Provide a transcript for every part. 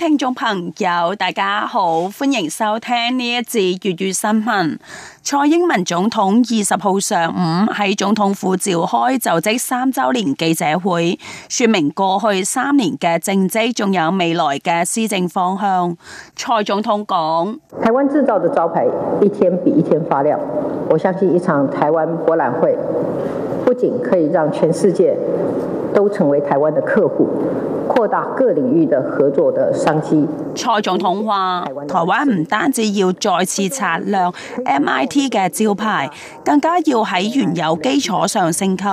聽眾朋友，大家好，歡迎收聽呢一節粵語新聞。蔡英文總統二十號上午喺總統府召開就職三周年記者會，說明過去三年嘅政績，仲有未來嘅施政方向。蔡總統講：台灣製造嘅招牌一天比一天發亮，我相信一場台灣博覽會不僅可以讓全世界。都成為台灣的客戶，擴大各領域的合作的商機。蔡總統話：台灣唔單止要再次擦亮 MIT 嘅招牌，更加要喺原有基礎上升級，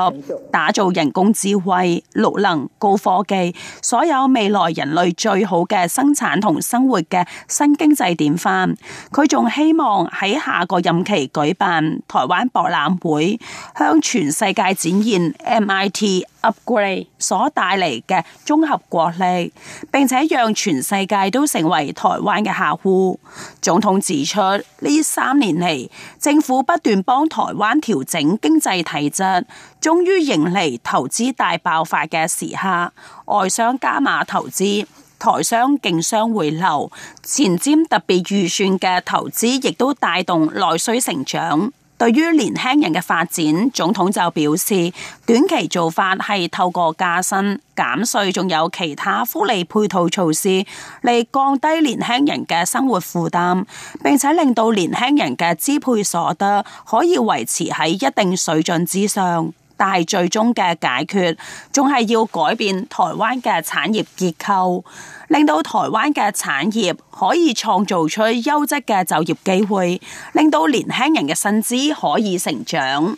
打造人工智慧、綠能高科技，所有未來人類最好嘅生產同生活嘅新經濟典範。佢仲希望喺下個任期舉辦台灣博覽會，向全世界展現 MIT。upgrade 所帶嚟嘅綜合國力，並且讓全世界都成為台灣嘅客戶。總統指出，呢三年嚟，政府不斷幫台灣調整經濟體質，終於迎嚟投資大爆發嘅時刻。外商加碼投資，台商競相回流，前瞻特別預算嘅投資亦都帶動內需成長。對於年輕人嘅發展，總統就表示，短期做法係透過加薪、減稅，仲有其他福利配套措施，嚟降低年輕人嘅生活負擔，並且令到年輕人嘅支配所得可以維持喺一定水準之上。但係最終嘅解決，仲係要改變台灣嘅產業結構，令到台灣嘅產業可以創造出優質嘅就業機會，令到年輕人嘅薪資可以成長。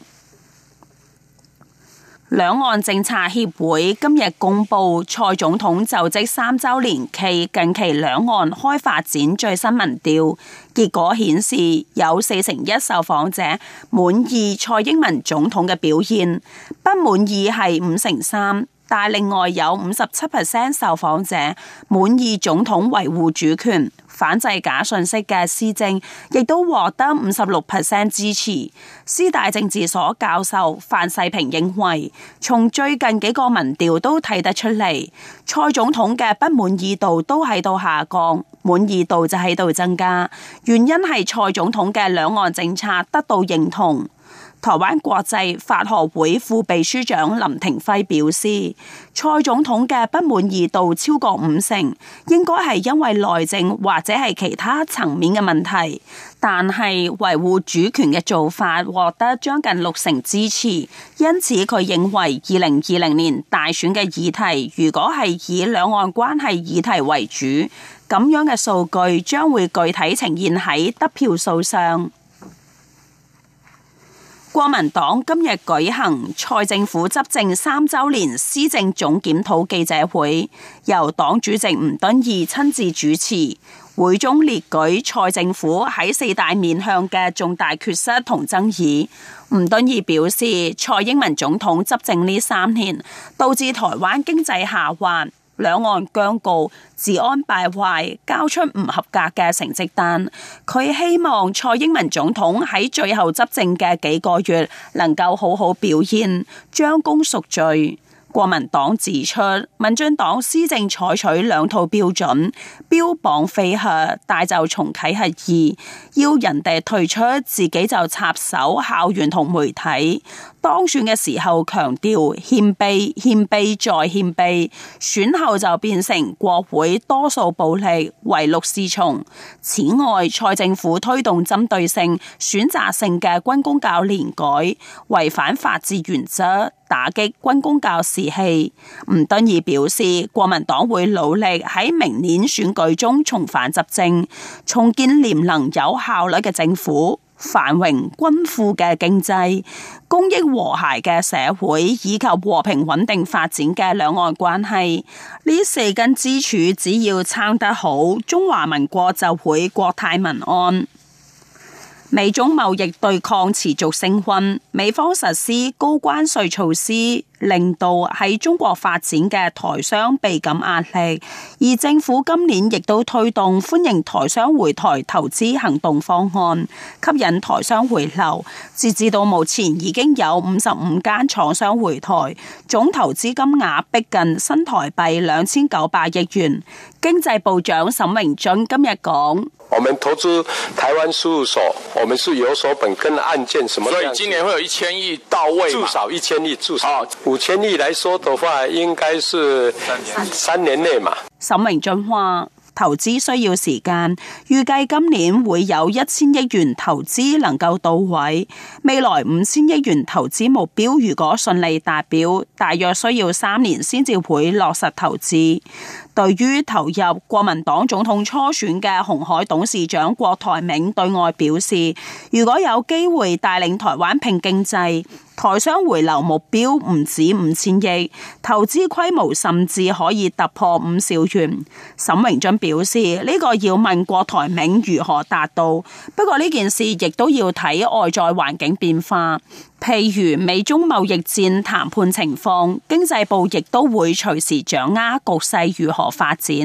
兩岸政策協會今日公布蔡總統就職三周年暨近期兩岸開發展最新民調，結果顯示有四成一受訪者滿意蔡英文總統嘅表現，不滿意係五成三，但另外有五十七 percent 受訪者滿意總統維護主權。反制假信息嘅施政，亦都獲得五十六 percent 支持。師大政治所教授范世平認為，從最近幾個民調都睇得出嚟，蔡總統嘅不滿意度都喺度下降，滿意度就喺度增加。原因係蔡總統嘅兩岸政策得到認同。台灣國際法學會副秘書長林庭輝表示，蔡總統嘅不滿意度超過五成，應該係因為內政或者係其他層面嘅問題。但係維護主權嘅做法獲得將近六成支持，因此佢認為二零二零年大選嘅議題如果係以兩岸關係議題為主，咁樣嘅數據將會具體呈現喺得票數上。國民黨今日舉行蔡政府執政三周年施政總檢討記者會，由黨主席吳敦義親自主持。會中列舉蔡政府喺四大面向嘅重大缺失同爭議。吳敦義表示，蔡英文總統執政呢三年，導致台灣經濟下滑。兩岸僵局、治安敗壞、交出唔合格嘅成績單，佢希望蔡英文總統喺最後執政嘅幾個月能夠好好表現，將功贖罪。國民黨指出，民進黨施政採取兩套標準，標榜廢核，但就重啟核二，要人哋退出，自己就插手校園同媒體。當選嘅時候強調謙卑，謙卑再謙卑，選後就變成國會多數暴力，唯綠是從。此外，蔡政府推動針對性、選擇性嘅軍公教年改，違反法治原則。打擊軍公教士氣。吳敦義表示，國民黨會努力喺明年選舉中重返執政，重建廉能有效率嘅政府，繁榮均富嘅經濟，公益和諧嘅社會，以及和平穩定發展嘅兩岸關係。呢四根支柱只要撐得好，中華民國就會國泰民安。美中貿易對抗持續升溫，美方實施高關稅措施，令到喺中國發展嘅台商備感壓力，而政府今年亦都推動歡迎台商回台投資行動方案，吸引台商回流。截至到目前，已經有五十五間廠商回台，總投資金額逼近新台幣兩千九百億元。經濟部長沈榮津今日講：我們投資台灣住所，我們是有所本根跟的案件，所以今年會有一千億到位，到位至少一千億至少。五千億來說的話，應該是三年內嘛。沈榮津話：投資需要時間，預計今年會有一千億元投資能夠到位。未來五千億元投資目標，如果順利達標，大約需要三年先至會落實投資。對於投入國民黨總統初選嘅鴻海董事長郭台銘對外表示，如果有機會帶領台灣拼經濟。台商回流目標唔止五千億，投資規模甚至可以突破五兆元。沈榮津表示，呢、這個要問郭台銘如何達到。不過呢件事亦都要睇外在環境變化，譬如美中貿易戰談判情況。經濟部亦都會隨時掌握局勢如何發展。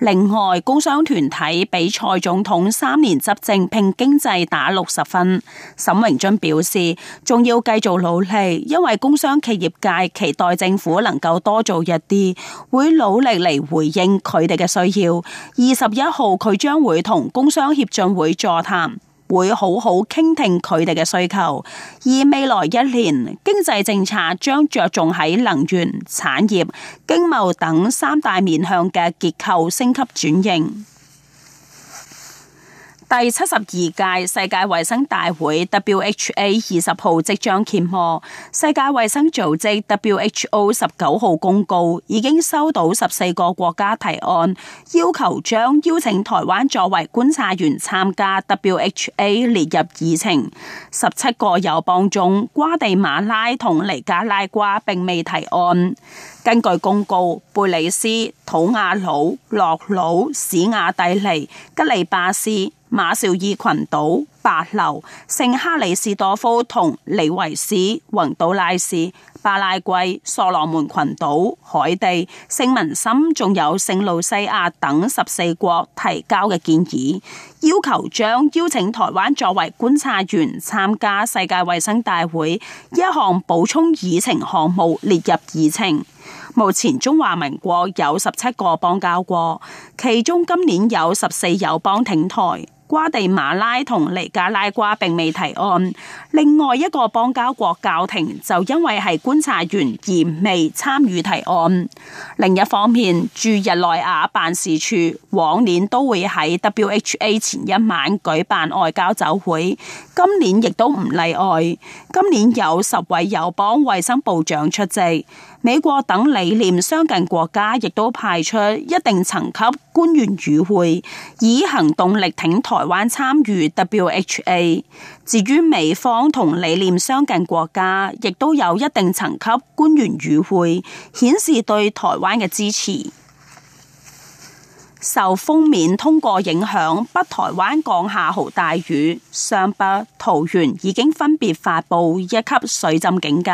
另外，工商團體比蔡總統三年執政拼經濟打六十分。沈榮津表示，仲要繼續，努力，因為工商企業界期待政府能夠多做一啲，會努力嚟回應佢哋嘅需要。二十一號佢將會同工商協進會座談，會好好傾聽佢哋嘅需求。而未來一年，經濟政策將着重喺能源、產業、經貿等三大面向嘅結構升級轉型。第七十二屆世界衛生大會 WHA 二十號即將揭幕，世界衛生組織 （WHO） 十九號公告已經收到十四個國家提案，要求將邀請台灣作為觀察員參加 WHA 列入議程。十七個友邦中，瓜地馬拉同尼加拉瓜並未提案。根據公告，貝里斯、土瓦魯、諾魯、史瓦帝尼、吉利巴斯、馬紹爾群島、帛琉、聖克里斯多福、同尼維斯、宏都拉斯、巴拉圭、索羅門群島、海地、聖文森、仲有聖路西亞等十四國提交嘅建議，要求將邀請台灣作為觀察員參加世界衛生大會，一項補充議程項目列入議程。目前中華民國有十七個邦交國，其中今年有十四友邦挺台。瓜地馬拉同尼加拉瓜並未提案，另外一個邦交國教廷就因為係觀察員而未參與提案。另一方面，駐日內瓦辦事處往年都會喺 WHA 前一晚舉辦外交酒會，今年亦都唔例外。今年有十位友邦衛生部長出席，美國等理念相近國家亦都派出一定層級官員與會，以行動力挺台。台灣參與 WHA，至於美方同理念相近國家，亦都有一定層級官員與會，顯示對台灣嘅支持。受鋒面通過影響，北台灣降下豪大雨，北北桃園已經分別發布一級水浸警戒，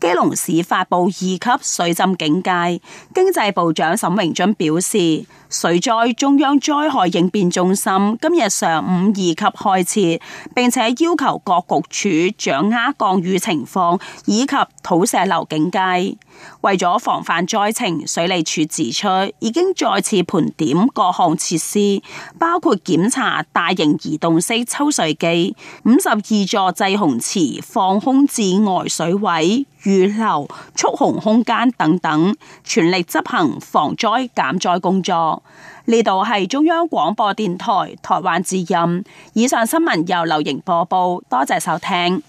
基隆市發布二級水浸警戒。經濟部長沈榮津表示，水災中央災害應變中心今日上午二級開設，並且要求各局處掌握降雨情況以及土石流警戒。為咗防範災情，水利處指出已經再次盤點。咁各項設施包括檢查大型移動式抽水機、五十二座滯洪池放空、至外水位預留蓄洪空間等等，全力執行防災減災工作。呢度係中央廣播電台台灣之音。以上新聞由劉瑩播報，多謝收聽。